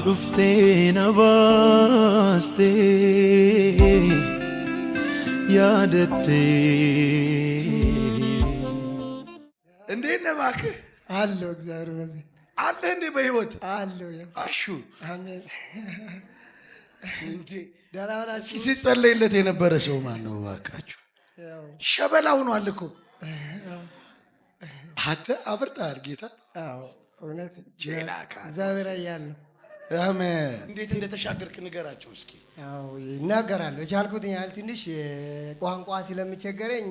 ati dhuftee na baastee yaadattee እንዴት ነህ እባክህ? አለሁ እግዚአብሔር ይመስገን። አለህ እንዴ? በህይወት አለሁ። አሹ አሜን። ሲጸለይለት የነበረ ሰው ማን ነው እባካችሁ? ሸበላ ሆኗል እኮ አንተ አብርተሃል ጌታ እውነት እግዚአብሔር ያለው አሜን። እንዴት እንደተሻገርክ ንገራቸው እስኪ። ያው ይናገራለሁ ያህል ትንሽ ቋንቋ ስለምቸገረኝ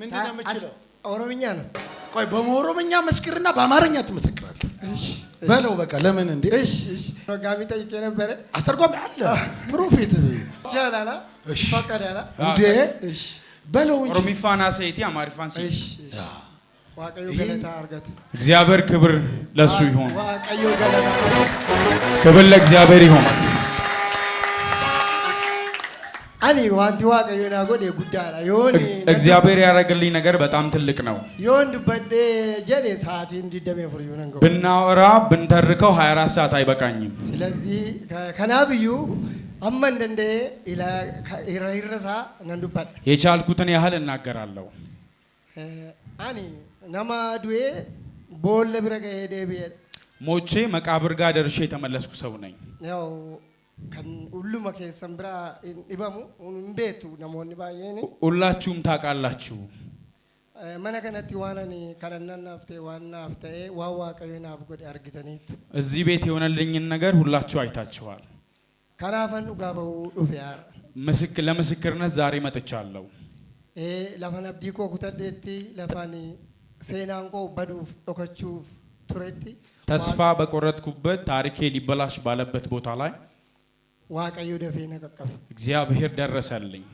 ምንድን ነው የምችለው? ኦሮምኛ ነው። ቆይ በኦሮምኛ መስክርና በአማርኛ ትመሰክራለህ። በለው በቃ ለምን እንዴ? እሺ ጠይቄ ነበረ። አስተርጓሚ አለ። ፕሮፌት ቻላላ እንዴ? በለው እንጂ ኦሮሚፋና ሰይቲ አማሪፋን ሰይቲ እግዚአብሔር ክብር ለሱ ይሁን። ክብር ለእግዚአብሔር ይሁን። እግዚአብሔር ያደረግልኝ ነገር በጣም ትልቅ ነው። ብናወራ ብንተርከው 24 ሰዓት አይበቃኝም። ስለዚህ ከናብዩ አመንደንደ ይረሳ ነንዱበት የቻልኩትን ያህል እናገራለሁ። ነማ ዱዌ በወለ ቢረቀ ሄደ ብሄደ ሞቼ መቃብር ጋር ደርሼ የተመለስኩ ሰው ነኝ። ያው ሁሉመ ኬሰን ብራ ዲበሙ እንቤቱ ነሞን ባየን ሁላችሁም ታውቃላችሁ። መነ ከነቲ ዋነን ከለናናፍቴ ዋናፍተ ዋዋቀዩናፍ ጎድ አርግተኒቱ እዚህ ቤት የሆነልኝን ነገር ሁላችሁ አይታችኋል። ከናፈን ዱጋበው ዱፌ ያር ለምስክርነት ዛሬ መጥቻለሁ። ለፈን ኩተዴቲ ለፋኒ ተስፋ በቆረጥኩበት ታሪኬ ሊበላሽ ባለበት ቦታ ላይ እግዚአብሔር ደረሰልኝ።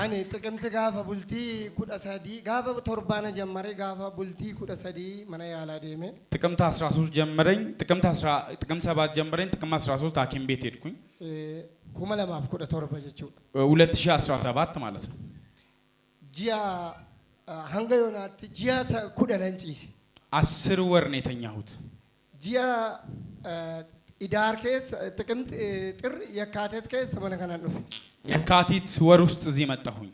አኔ ጥቅምት ጋፈ ቡልቲ ኩደ ሰዲ ጋፈ ቶርባነ ጀመረ ጋፈ ቡልቲ ኩደ ሰዲ መነ ያላ ዴሜ ጥቅምት 13 ጀመረኝ ጥቅምት 10 ጥቅምት 7 ጀመረኝ ጥቅምት 13 ሐኪም ቤት ሄድኩኝ ኩመ ለማፍ ኩደ ቶርባ ጀቹ 2017 ማለት ነው ጂያ ሀንገ ዮናት ጂያ ኩደ ነንጪሲ አስር ወር ነው የተኛሁት ጂያ ኢዳር ኬስ ጥቅምት ጥር የካቲት ኬስ መነከናን ዱፌ የካቲት ወር ውስጥ እዚህ መጣሁኝ።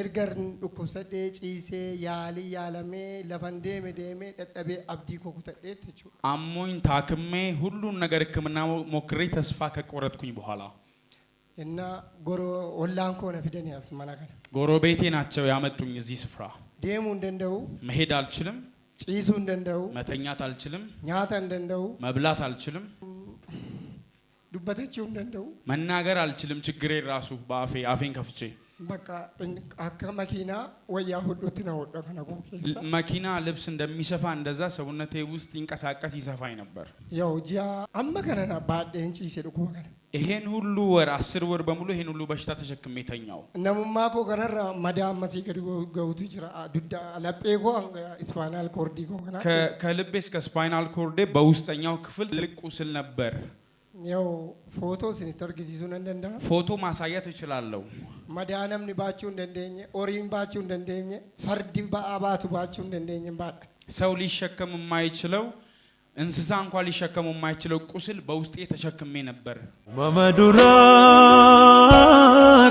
ኤርገርን ዱኩብሰዴ ጪሴ ያሊ ያለሜ ለፈንዴ ሜዴሜ ደደቤ አብዲ ኮኩተዴ ትቹ አሞኝ ታክሜ ሁሉን ነገር ሕክምና ሞክሬ ተስፋ ከቆረጥኩኝ በኋላ እና ጎሮ ወላን ኮነ ፊደን ያስመናከል ጎሮ ቤቴ ናቸው ያመጡኝ እዚህ ስፍራ። ደሙ እንደንደው መሄድ አልችልም ጪሱ እንደንደው መተኛት አልችልም። ኛተ እንደንደው መብላት አልችልም። ዱበተችው እንደንደው መናገር አልችልም። ችግሬ ራሱ በአፌ አፌን ከፍቼ መኪና ወያ ሁዱት ነው መኪና ልብስ እንደሚሰፋ እንደዛ ሰውነቴ ውስጥ ይንቀሳቀስ ይሰፋኝ ነበር። ያው ጂያ አመከነና ባዴን ጪሴ ድኩ ይሄን ሁሉ ወር አስር ወር በሙሉ ይሄን ሁሉ በሽታ ተሸክሜ ተኛው። ነሙማ ኮ ገረራ መዳመሲ ገዲ ገውቱ ጅራ ዱዳ ለጴ ኮ ስፓይናል ኮርዲ ኮ ከልቤ እስከ ስፓይናል ኮርዴ በውስጠኛው ክፍል ልቅ ቁስል ነበር። ያው ፎቶ ሲኒተር ጊዜሱ እንደንዳ ፎቶ ማሳየት እችላለሁ። መዳነምኒ ባችሁ እንደንደኝ ኦሪም ባችሁ እንደንደኝ ፈርድ በአባቱ ባችሁ እንደንደኝ ባል ሰው ሊሸከም የማይችለው እንስሳ እንኳን ሊሸከም የማይችለው ቁስል በውስጤ ተሸክሜ ነበር። መመዱራ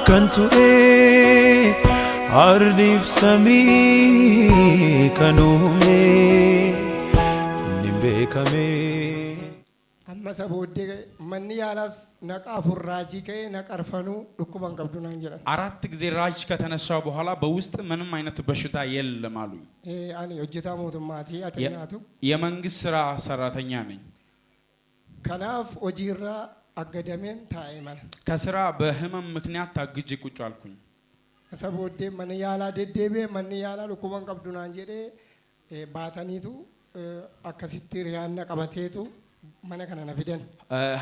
ከንቱኤ አርዲፍ ሰሚ ከኑሜ ኒቤከሜ masa booddee manni yaalaስ ነቃፉን ራጂ ከ ነቀርፈኑ ዱኩባን ቀብዱናን ጅራል አራት ጊዜ ራጅ ከተነሳው በኋላ በውስጥ ምንም አይነት በሽታ የለም አሉኝ። አኔ ሆጀታ ሞቱማቲ አተኛቱ የመንግስት ስራ ሰራተኛ ነኝ። ከናፍ ሆጂራ አገደሜን ታይመን ከስራ በህመም ምክንያት ታግጄ ቁጭ አልኩኝ። መሳ ቦዴ መን ያላ ደደቤ መን ያላ ዱኩባን ቀብዱናን ጀዴ ባተኒቱ አከሲቲ ሪያና ቀበቴቱ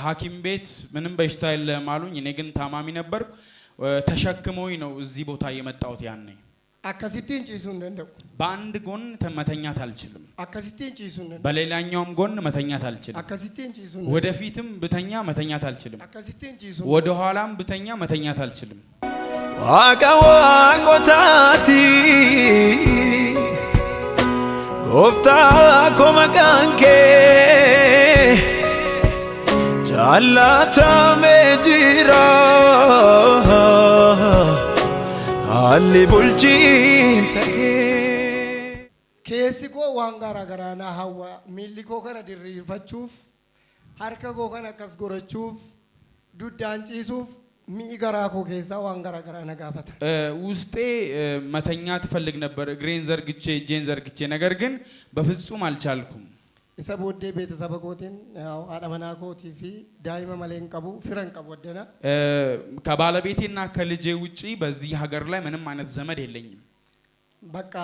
ሐኪም eh, ቤት ምንም በሽታ የለም አሉኝ። እኔ ግን ታማሚ ነበርኩ። eh, ተሸክመኝ ነው እዚህ ቦታ የመጣሁት። ያኔ በአንድ ጎን መተኛት አልችልም፣ በሌላኛውም ጎን መተኛት አልችልም። ወደፊትም ብተኛ መተኛት አልችልም፣ ወደኋላም ብተኛ መተኛት አልችልም። ዋቃ ዋቆታቲ Gooftaa koo maqaan kee jaallatamee jira. Haalli bulchiinsa kee. Keessi koo waan garaa garaa naa hawwa. Miilli koo kana dirriirfachuuf, harka koo kana akkas gorachuuf, duddaan ciisuuf ሚገራኮ ኬሳ ዋን ገራገራ ነጋፈት ውስጤ መተኛ ትፈልግ ነበር። እግሬን ዘርግቼ እጄን ዘርግቼ ነገር ግን በፍጹም አልቻልኩም። እሰ ቦዴ ቤተሰበ ኮቴን ያው አዳመና ኮቲ ፊ ዳይመ መሌን ቀቡ ፍረን ቀቡ ወደና ከባለቤቴና ከልጄ ውጪ በዚህ ሀገር ላይ ምንም አይነት ዘመድ የለኝም። በቃ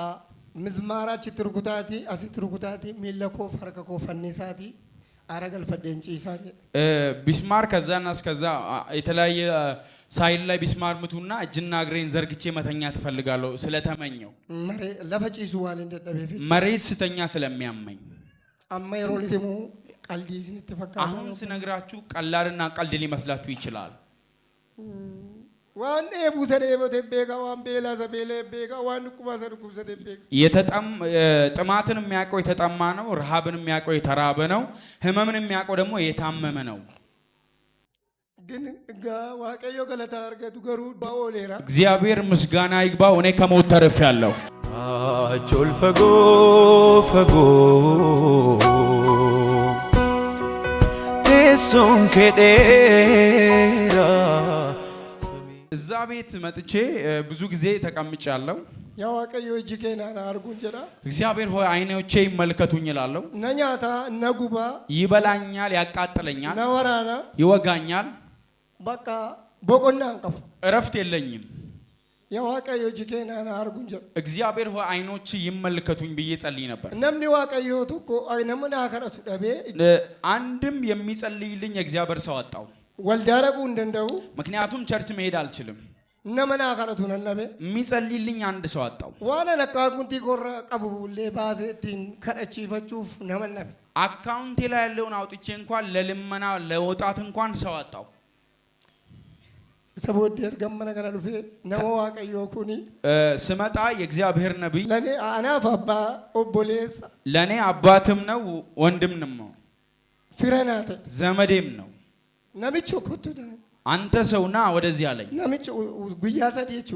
ምዝማራች ትርጉታቲ አሲ ትርጉታቲ ሚለኮ ፈርከኮ ፈኒሳቲ ቢስማር ከዛና እስከዛ የተለያየ ሳይል ላይ ቢስማር ምቱና እጅና እግሬን ዘርግቼ መተኛ ትፈልጋለሁ ስለተመኘው መሬት ስተኛ ስለሚያመኝ አሁን ስነግራችሁ ቀላልና ቀልድ ሊመስላችሁ ይችላል። ዋን ቡሰኔ ቦቴ ቤጋ ዋን ቤላ ቤጋ ዋን ቤጋ የተጠም ጥማትን የሚያውቀው የተጠማ ነው። ረሃብን የሚያውቀው የተራበ ነው። ህመምን የሚያውቀው ደግሞ የታመመ ነው። ግን ዋቀዮ ገለታ አርገቱ ገሩ እግዚአብሔር ምስጋና ይግባው። እኔ ከሞት ተርፍ ያለው አቾል ፈጎ ፈጎ ቴሶን እዛ ቤት መጥቼ ብዙ ጊዜ ተቀምጫለሁ። ያዋቀዮ እጅጌና አርጉ እንጀራ እግዚአብሔር ሆይ አይኖቼ ይመልከቱኝ እላለሁ። ነኛታ ነጉባ ይበላኛል፣ ያቃጥለኛል፣ ነወራና ይወጋኛል። በቃ በቆና አንቀፉ እረፍት የለኝም። የዋቀዮ እጅጌና አርጉ እንጀራ እግዚአብሔር ሆይ አይኖች ይመልከቱኝ ብዬ ጸልይ ነበር። ነምኒ ዋቀዮ እኮ ነምን አከረቱ ደቤ አንድም የሚጸልይልኝ እግዚአብሔር ሰው አጣው። ወልዳረጉ እንደንደው ምክንያቱም ቸርች መሄድ አልችልም። እነመና ከነቱ ነነበ የሚጸልይልኝ አንድ ሰው አጣው። ዋነ ለቃቁንቲ ጎረ ቀቡቡሌ ባሴቲን ከረቺፈቹፍ ነመነበ አካውንቴ ላይ ያለውን አውጥቼ እንኳን ለልመና ለወጣት እንኳን ሰው አጣው። ሰቦዴር ገመ ነገር ዱፌ ነሞ ዋቀዮ ኩኒ ስመጣ የእግዚአብሔር ነቢይ ለእኔ አናፍ አባ ኦቦሌስ ለእኔ አባትም ነው ወንድምንም ነው ፊረናተ ዘመዴም ነው ነምቹ ኩቱዳ አንተ ሰውና ወደዚህ አለኝ። ነምቹ ጉያ ሰዲቹ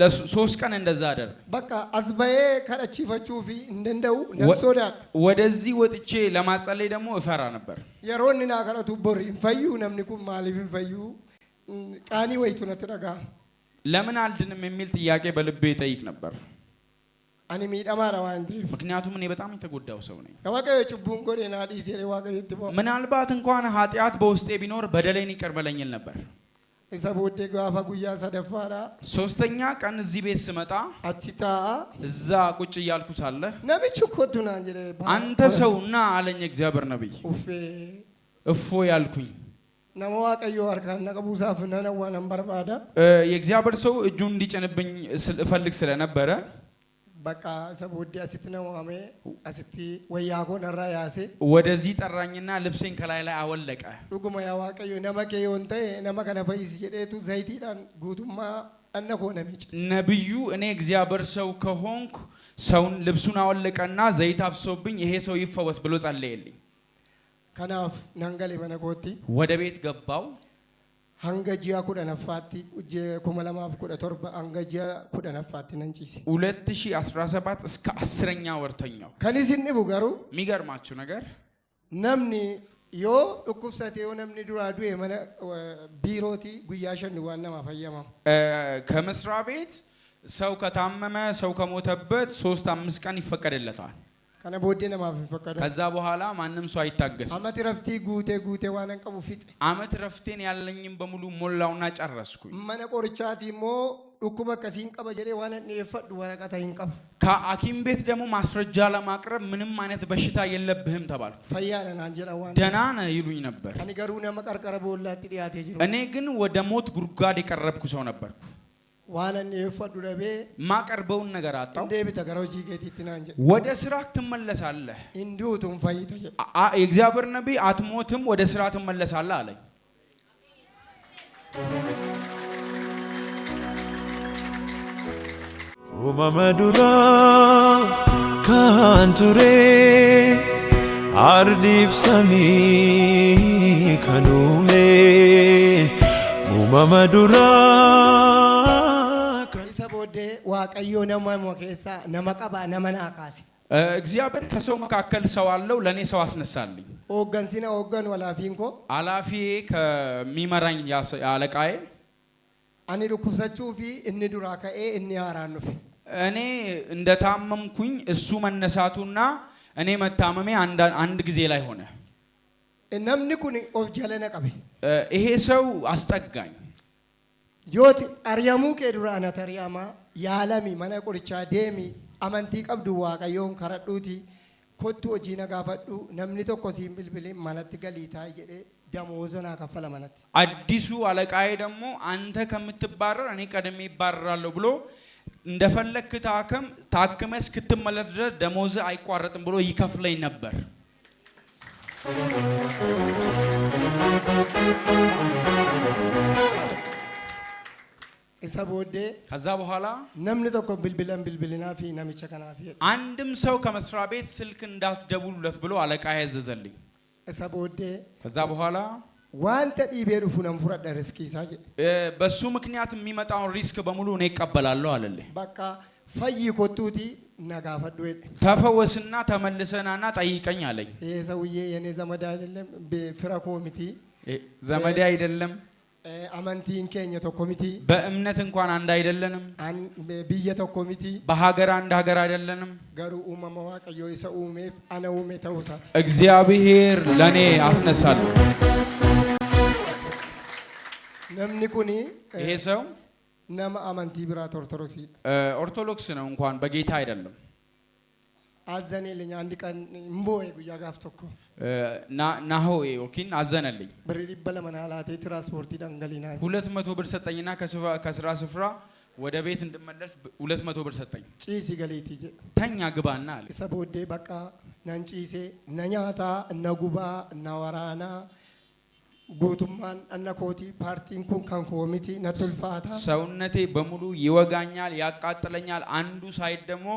ለሶስት ቀን እንደዛ አደረ። በቃ አዝባዬ ከረቺፈቹ ፊ እንደንደው ነሶዳ ወደዚህ ወጥቼ ለማጸለይ ደግሞ እፈራ ነበር። የሮንና ከረቱ ቦሪ ፈዩ ነምንኩ ማሊፍ ፈዩ ቃኒ ወይቱ ነትረጋ ለምን አልድንም የሚል ጥያቄ በልቤ ይጠይቅ ነበር። አኒ ሚዳማራ ዋንዲ ምክንያቱም እኔ በጣም የተጎዳው ሰው ነኝ። ከዋቀዮ ጭቡን ጎዴና ዲሴሬ ዋቀዮ ትቦ ምናልባት እንኳን ኃጢአት በውስጤ ቢኖር በደሌን ይቅር በለኝል ነበር። እዛ ጋፋ ጉያ ሰደፋራ ሶስተኛ ቀን እዚህ ቤት ስመጣ አቺታ እዛ ቁጭ እያልኩ ሳለ ነብቹ ኮቱና እንጀረ አንተ ሰው አለኝ እግዚአብሔር ነብይ። ኡፌ እፎ ያልኩኝ ነሞ ዋቀዮ አርካና ቀቡሳፍ ነነዋ ነምበርባዳ የእግዚአብሔር ሰው እጁ እንዲጭንብኝ እፈልግ ስለነበረ በቃ ሰብ ወዲ አሲት ነው አሲቲ ወያጎ ነራ ያሴ ወደዚህ ጠራኝና ልብሴን ከላይ ላይ አወለቀ። ዱጉማ ያዋቀዩ ነመቀ ይወንተ ነመከ ነፈይስ የዴቱ ዘይቲዳን ጉቱማ እነኮነሚጭ ነብዩ እኔ እግዚአብሔር ሰው ከሆንኩ ሰውን ልብሱን አወለቀና ዘይት አፍሶብኝ ይሄ ሰው ይፈወስ ብሎ ጸለየልኝ። ከናፍ ናንገሌ በነጎቲ ወደ ቤት ገባው። hanga ji'a kudha naffaatti kuma lamaaf kudha torba hanga ji'a kudha naffaatti nan ciise 2017 እስከ አስረኛ ወርተኛው ከኒስ ንቡ ገሩ የሚገርማችሁ ነገር ነምኒ ዮ dhukkubsate yoo namni duraa du'e mana biirooti guyyaa shan waan nama fayyamamu ከመስሪያ ቤት ሰው ከታመመ ሰው ከሞተበት ሶስት አምስት ቀን ይፈቀድለታል ከዛ በኋላ ማንም ሰው አይታገስም። አመት ረፍቲ ጉቴ ጉቴ ዋነን ቀቡ ፊጥ አመት ረፍቴን ያለኝም በሙሉ ሞላውና ጨረስኩኝ። መነ ቆርቻቲ ሞ ዱኩመ ከሲን ቀበ ጀሌ ዋነን የፈዱ ወረቀታ ይንቀብ ከሐኪም ቤት ደግሞ ማስረጃ ለማቅረብ ምንም አይነት በሽታ የለብህም ተባልኩ። ፈያነን አንጀራ ነህ ይሉኝ ነበር። እኔ ግን ወደ ሞት ጉድጓድ የቀረብኩ ሰው ነበርኩ። ማቀርበውን ነገር አጣው። ወደ ስራ ትመለሳለህ። የእግዚአብሔር ነቢይ አትሞትም፣ ወደ ስራ ትመለሳለህ አለኝ። uumama duraa kan ture ardiif samii ዋቀዮ እግዚአብሔር ከሰው መካከል ሰው አለው። ለእኔ ሰው አስነሳልኝ። ኦገን ኦገንሲና ኦገን ወላፊንኮ አላፊ ከሚመራኝ አለቃዬ አኔ ዱኩሰችሁ ፊ እኒ ከኤ እኒ ፊ እኔ እንደታመምኩኝ እሱ መነሳቱና እኔ መታመሜ አንድ ጊዜ ላይ ሆነ። ነምኒ ኩን ኦፍ ጀለነ ቀቤ ይሄ ሰው አስጠጋኝ ዮት አርያሙ ቄ ዱራ ነተርያማ yaalami mana qorichaa deemi amantii qabdu waaqayyoon karadhuuti kottu hojii na gaafadhu namni tokko siin bilbilin manatti galiitaa jedhe ደሞዝን አከፈለ ማለት አዲሱ አለቃዬ ደግሞ አንተ ከምትባረር እኔ ቀድሜ ይባረራለሁ ብሎ እንደፈለክ ታከም ታክመ እስክትመለስ ድረስ ደሞዝ አይቋረጥም ብሎ ይከፍለኝ ነበር። እሳ ከዛ በኋላ ነምን ተኮ ብልብለን ብልብልና ፊ ነሚቸ ከናፊ አንድም ሰው ከመስሪያ ቤት ስልክ እንዳትደውሉለት ብሎ አለቃ ያዘዘልኝ። እሳ ቦዴ ከዛ በኋላ ዋንተ ዲቤ ዱፉ ነም ፍረደ ሪስክ በሱ ምክንያት የሚመጣውን ሪስክ በሙሉ እኔ እቀበላለሁ አለልኝ። በቃ ፈይ ኮቱቲ ነጋፈዱ ተፈወስና ተመልሰናና ጠይቀኝ አለኝ። ይሄ ሰውዬ የኔ ዘመድ አይደለም፣ ፍራ ኮሚቲ ዘመዴ አይደለም አመንቲን ኬኘ ቶኮ ሚቲ በእምነት እንኳን አንድ አይደለንም። ብየ ቶኮ ሚቲ በሀገር አንድ ሀገር አይደለንም። ገሩ ኡመማ ዋቀዮ ይሰ ኡሜፍ አነ ኡሜ ተውሳት እግዚአብሔር ለእኔ አስነሳል። ነምኒ ኩኒ ይሄ ሰው ነመ አመንቲ ብራት ኦርቶዶክስ ኦርቶዶክስ ነው እንኳን በጌታ አይደለም አዘነልኝ አንድ ቀን እምቦ ጉያ ጋፍ ቶኮ ናሆ ዮኪን አዘነልኝ ብሪሪ በለመን ሀላቴ ትራንስፖርት ዳንገሊና ሁለት መቶ ብር ሰጠኝና ከስራ ስፍራ ወደ ቤት እንድመለስ ሁለት መቶ ብር ሰጠኝ። ጪሲ ገሌቲ ተኛ ግባና አለ ሰቦዴ በቃ ነንጪሴ ነኛታ እነጉባ እነወራና ጉቱማን እነኮቲ ፓርቲን ኩን ከንኮሚቲ ነቱልፋታ ሰውነቴ በሙሉ ይወጋኛል፣ ያቃጥለኛል አንዱ ሳይድ ደግሞ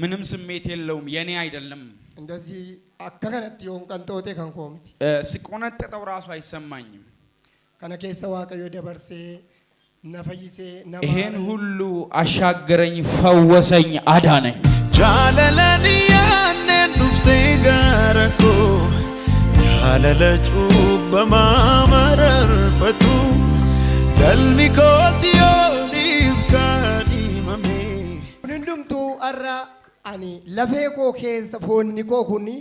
ምንም ስሜት የለውም፣ የኔ አይደለም። እንደዚህ አከከነት ዮን ቀንጦቴ ከንኮሚት ሲቆነጠጠው ራሱ አይሰማኝም። ከነ ኬሰ ዋቀዮ ደበርሴ ነፈይሴ ይሄን ሁሉ አሻገረኝ፣ ፈወሰኝ፣ አዳነኝ። ጃለለኒ ያኔ ዱፍቴ ጋረኮ ጃለለጩ በማመረርፈቱ ደልሚኮሲዮሊፍካኒመሜ ሁንንዱምቱ አራ ani lafee koo keessa foonni koo kuni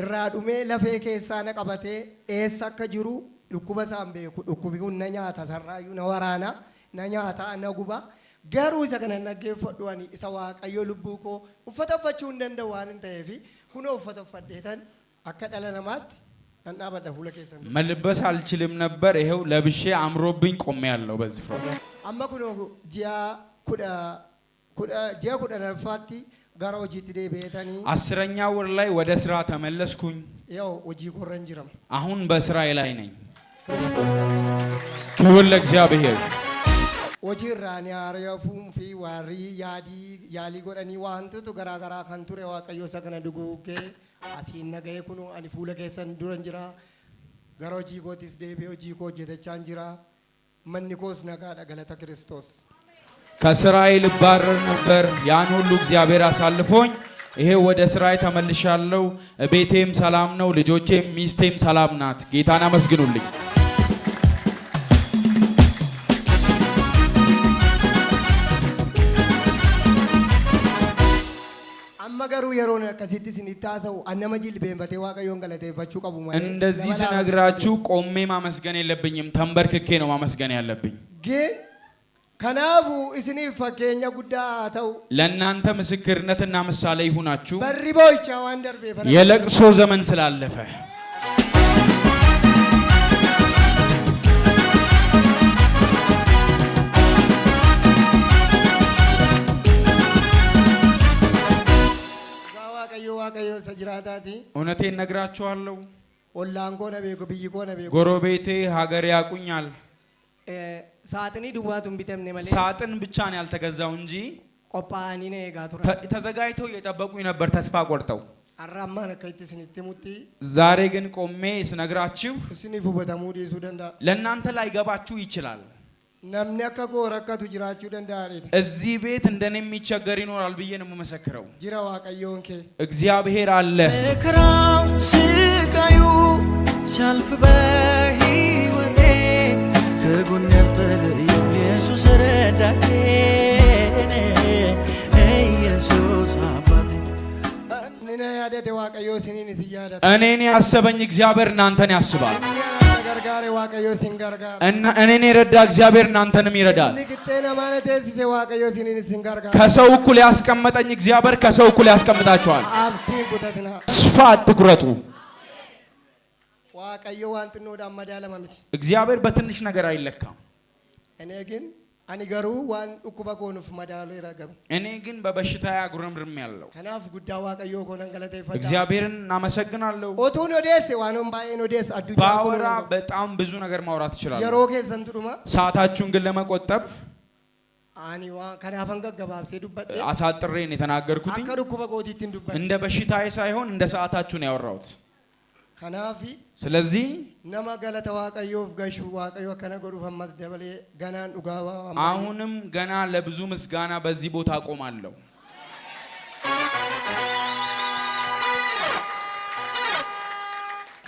irraa dhumee lafee keessaa na qabatee eessa akka jiru dhukkuba isaan beeku dhukkubi kun na nyaata sarraayyuu na waraana na nyaata na guba garuu isa kana naggeeffadhu ani isa waaqayyo lubbuu koo uffata uffachuu hin danda'u waan hin ta'eefi kunoo uffata uffadheetan akka dhala namaatti nan dhaabadha fuula keessan መልበስ አልችልም ነበር ይኸው ለብሼ አምሮብኝ ቆሜ ያለው በዚህ Amma kunoo ji'a kudha kudha ji'a ኩዳ ነርፋቲ አስረኛ ወር ላይ ወደ ስራ ተመለስኩኝ። ያው ወጂ ጎረን አሁን በስራዬ ላይ ነኝ። ክብር ለእግዚአብሔር። ወጂ ራኒ አሪያፉም ፊ ዋሪ ያዲ ያሊ ጎረኒ ዋንቱ ገራ ገራ ከንቱሬ ዋቀዮ ሰከነ ድጉጌ አሲን ነገየ ኩኑ አኒ ፉለ ከሰን ዱረን ጅራ ጋራ ወጂ ጎቲስ ዴ ቤ ወጂ ኮ ጀተቻን ጅራ መኒ ኮስ ነጋ ገለተ ክርስቶስ ከስራዬ ልባረር ነበር። ያን ሁሉ እግዚአብሔር አሳልፎኝ ይሄ ወደ ስራዬ ተመልሻለሁ። ቤቴም ሰላም ነው፣ ልጆቼም ሚስቴም ሰላም ናት። ጌታን አመስግኑልኝ። እንደዚህ ስነግራችሁ ቆሜ ማመስገን የለብኝም፣ ተንበርክኬ ነው ማመስገን ያለብኝ ግን ከናፉ እስኒፍ ፈኬኛ ጉዳ ተው ለእናንተ ምስክርነትና ምሳሌ ይሁናችሁ። በሪቦች ዋንደር የለቅሶ ዘመን ስላለፈ እውነቴን ነግራችኋለሁ። ኦላንጎ ነቤ ብይጎ ነቤ ጎረቤቴ ሀገር ያቁኛል eh, ሳጥን ብቻ ነው ያልተገዛው እንጂ ተዘጋጅተው እየጠበቁኝ ነበር ተስፋ ቆርጠው። ዛሬ ግን ቆሜ ስነግራችሁ ለእናንተ ላይገባችሁ ይችላል። ነምኒ አከ ረከቱ ጅራችሁ ደንዳ እዚህ ቤት እንደኔ የሚቸገር ይኖራል ብዬ ነው የምመሰክረው። ጅራ ዋቀየውንኬ እግዚአብሔር አለ መከራው ስቃዩ ሲያልፍበት ከጎን ያልተለየኝ ኢየሱስ ረዳቴ ኢየሱስ አባቴ እኔን ያሰበኝ እግዚአብሔር እናንተን ያስባል። እኔን የረዳ እግዚአብሔር እናንተንም ይረዳል። ከሰው እኩል ያስቀመጠኝ እግዚአብሔር ከሰው እኩል ያስቀምጣቸዋል። ስፋት ትኩረቱ እግዚአብሔር በትንሽ ነገር አይለካም። እኔ ግን አኒገሩ ዋን ኮኑፍ መዳሉ ይረገሩ እኔ ግን በበሽታ ያጉረምርም ያለው ከናፍ ጉዳ ኮነን ገለተ እግዚአብሔርን እናመሰግናለሁ። ኦዴስ ባይን ኦዴስ በጣም ብዙ ነገር ማውራት ይችላል። የሮኬ ሰዓታችሁን ግን ለመቆጠብ አኒዋ አሳጥሬን የተናገርኩት እንደ በሽታዬ ሳይሆን እንደ ሰዓታችሁን ያወራሁት። ከናፊ ስለዚህ ነማ ገለተ ዋቀዮፍ ገሹ ዋቀዮ ከነገሩ ፈማስ ደበሌ ገናን ዱጋባ አሁንም ገና ለብዙ ምስጋና በዚህ ቦታ አቆማለሁ።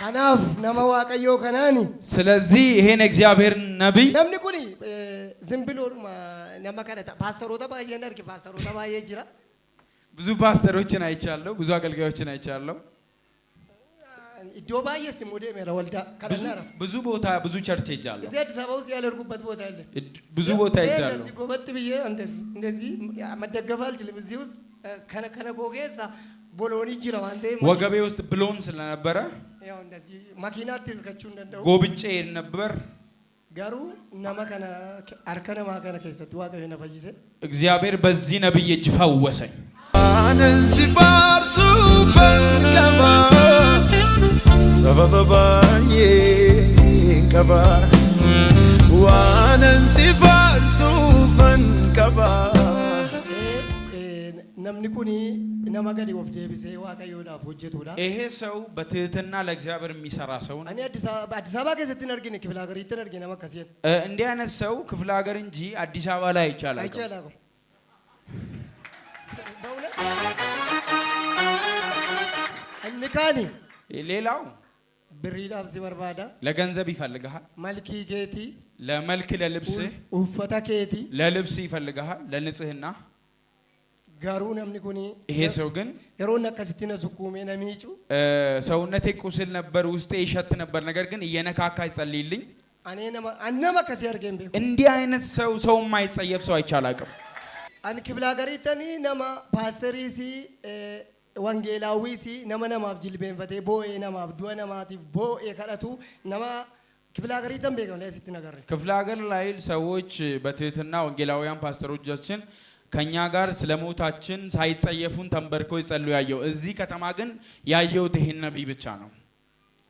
ከናፍ ነማ ዋቀዮ ከናኒ ስለዚህ ይሄን እግዚአብሔር ነቢይ ነምኒ ኩኒ ዝም ብሎ ነማ ከነታ ፓስተሮታ ባየ ነርኪ ፓስተሮታ ባየ ጅራ ብዙ ፓስተሮችን አይቻለሁ፣ ብዙ አገልጋዮችን አይቻለሁ። ኢዶ ባየስም ወደ ሜራ ወልዳ ብዙ ቦታ ብዙ ቸርች እዚህ አዲስ አበባ ውስጥ ቦታ ብዙ ቦታ ጎበጥ ብዬ እንደዚህ እንደዚህ መደገፍ አልችልም። እዚህ ውስጥ ቦሎኒ አንተ ወገቤ ውስጥ ብሎን ስለነበረ ያው እንደዚህ ማኪና እንደው ጎብጬ ነበር። ገሩ ከነ አርከነ ማከነ ከይሰት ነፈይሰ እግዚአብሔር በዚህ ነብይ እጅ ፈወሰኝ kaba waanan si faarsuufan kaba. Namni kuni nama gadi of deebisee waaqayyoodhaaf hojjetudha. ይሄ ሰው በትህትና ለእግዚአብሔር የሚሰራ ሰው ነው። እኔ አዲስ አበባ keessatti hin argine ክፍለ ሀገር ይትን argine nama akkasii እንዲህ አይነት ሰው ክፍለ ሀገር እንጂ አዲስ አበባ ላይ አይቻላል አይቻላል በእውነት እንካኒ ሌላው ብሪዳፍ ሲበርባዳ ለገንዘብ ይፈልግሃል። መልኪ ኬቲ ለመልክ ለልብስ ኡፈታ ኬቲ ለልብስ ይፈልግሃል፣ ለንጽህና ጋሩ ነምኒ ኩኒ ይሄ ሰው ግን የሮን ነከስቲነ ሱኩሜ ነሚጩ ሰውነቴ ቁስል ነበር፣ ውስጤ ይሸት ነበር፣ ነገር ግን እየነካካ ይጸልይልኝ አነማ ከዚህ አርገን ቤ እንዲህ አይነት ሰው ሰው የማይጸየፍ ሰው አይቻል አንክብላ ገሪተኒ ነማ ፓስተሪሲ wangeelaawwiis nama namaaf jilbeenfatee boo'ee namaaf du'a namaatiif boo'ee kadhatu nama ክፍለ ሀገር ይተን ቤቀም ላይ ሲት ነገር ክፍለ ሀገር ላይ ሰዎች በትህትና ወንጌላውያን ፓስተሮቻችን ከኛ ጋር ስለ ሞታችን ሳይጸየፉን ተንበርኮ ይጸሉ ያየው። እዚህ ከተማ ግን ያየሁት ይሄን ነቢይ ብቻ ነው።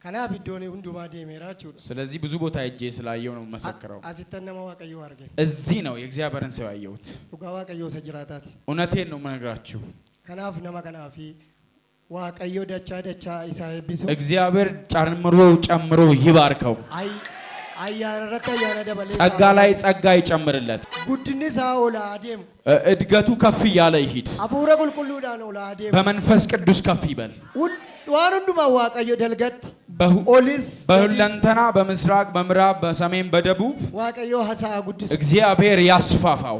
ከናፍ ዶኔ ሁንዱማ ዴሜራችሁ። ስለዚህ ብዙ ቦታ ሄጄ ስላየው ነው መሰክረው። አሲተነማ ዋቀዮ አርገ እዚህ ነው የእግዚአብሔርን ሰው ያየሁት። ዋቀዮ ሰጅራታት እውነቴን ነው መነግራችሁ Kanaaf nama kanaafi Waaqayyo dachaa dachaa isaa eebbisu. እግዚአብሔር ጨምሮ ጨምሮ ይባርከው። አያና ረታ ጸጋ ላይ ጸጋ ይጨምርለት። ጉድን ሳ እድገቱ ከፍ እያለ ይሂድ። አፉረ ቁልቁሉዳ ላዴም በመንፈስ ቅዱስ ከፍ ይበል። ዋን ሁንዱማ ዋቀዮ ደልገት ኦሊስ በሁለንተና በምስራቅ በምዕራብ በሰሜን በደቡብ ዋቀዮ ሀሳ ጉድስ እግዚአብሔር ያስፋፋው።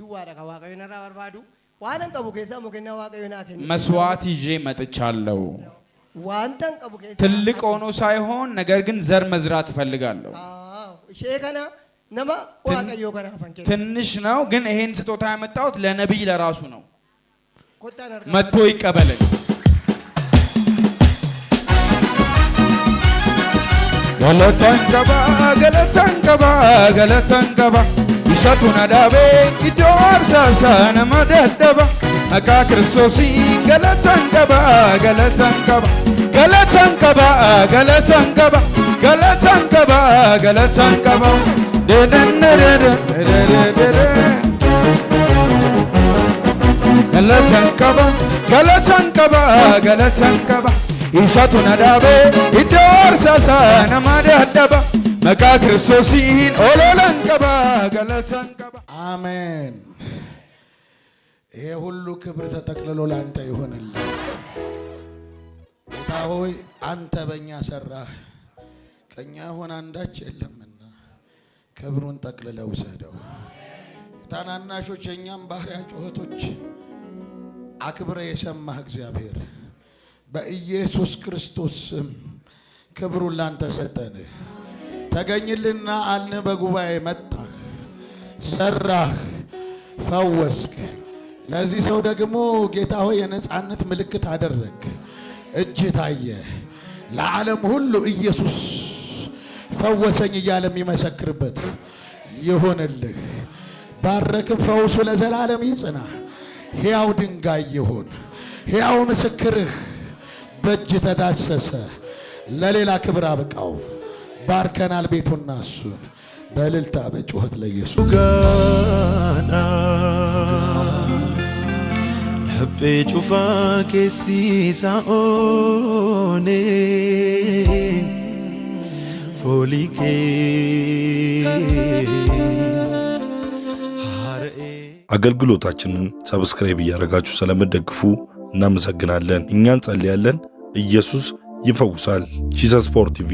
ድዋደቀ waaqayዮን ራ barbaadu መስዋዕት ይዤ መጥቻለሁ። ትልቅ ሆኖ ሳይሆን ነገር ግን ዘር መዝራት እፈልጋለሁ። ትንሽ ነው፣ ግን ይሄን ስጦታ ያመጣሁት ለነቢይ ለራሱ ነው። መጥቶ ይቀበልን። ገለታን ገባ ገለታን Ibsatu na dhaabee iddoo aarsaa nama daddaba maqaa kiristoosii galataan qaba galataan qaba galataan qaba galataan qaba galataan qaba galataan qaba galataan qaba galataan qaba galataan qaba ibsatu na dhaabee iddoo aarsaa nama daddaba. መቃ ክርስቶስን ኦሎለንቀባ ገለተንቀባ አሜን። ይሄ ሁሉ ክብር ተጠቅልሎ ለአንተ ይሆንልን። ጌታ ሆይ አንተ በእኛ ሰራህ፣ ከእኛ የሆነ አንዳች የለምና ክብሩን ጠቅልለ ውሰደው። ታናናሾች የእኛም ባህሪያ ጩኸቶች አክብረ የሰማህ እግዚአብሔር በኢየሱስ ክርስቶስ ስም ክብሩን ላንተ ሰጠንህ። ተገኝልና አልን በጉባኤ መጣህ፣ ሰራህ፣ ፈወስክ። ለዚህ ሰው ደግሞ ጌታ ሆይ የነፃነት ምልክት አደረግ። እጅ ታየ። ለዓለም ሁሉ ኢየሱስ ፈወሰኝ እያለ የሚመሰክርበት ይሆንልህ። ባረክም። ፈውሱ ለዘላለም ይጽና። ሕያው ድንጋይ ይሁን። ሕያው ምስክርህ በእጅ ተዳሰሰ። ለሌላ ክብር አብቃው። ባርከናል ቤቱና እሱን በልልታ በጩኸት ለኢየሱስ ጋና ለቤ ጩፋ ኬሲሳኦኔ ፎሊኬ አገልግሎታችንን ሰብስክራይብ እያደረጋችሁ ስለምትደግፉ እናመሰግናለን። እኛን ጸልያለን፣ ኢየሱስ ይፈውሳል። ጂሰስ ስፖርት ቲቪ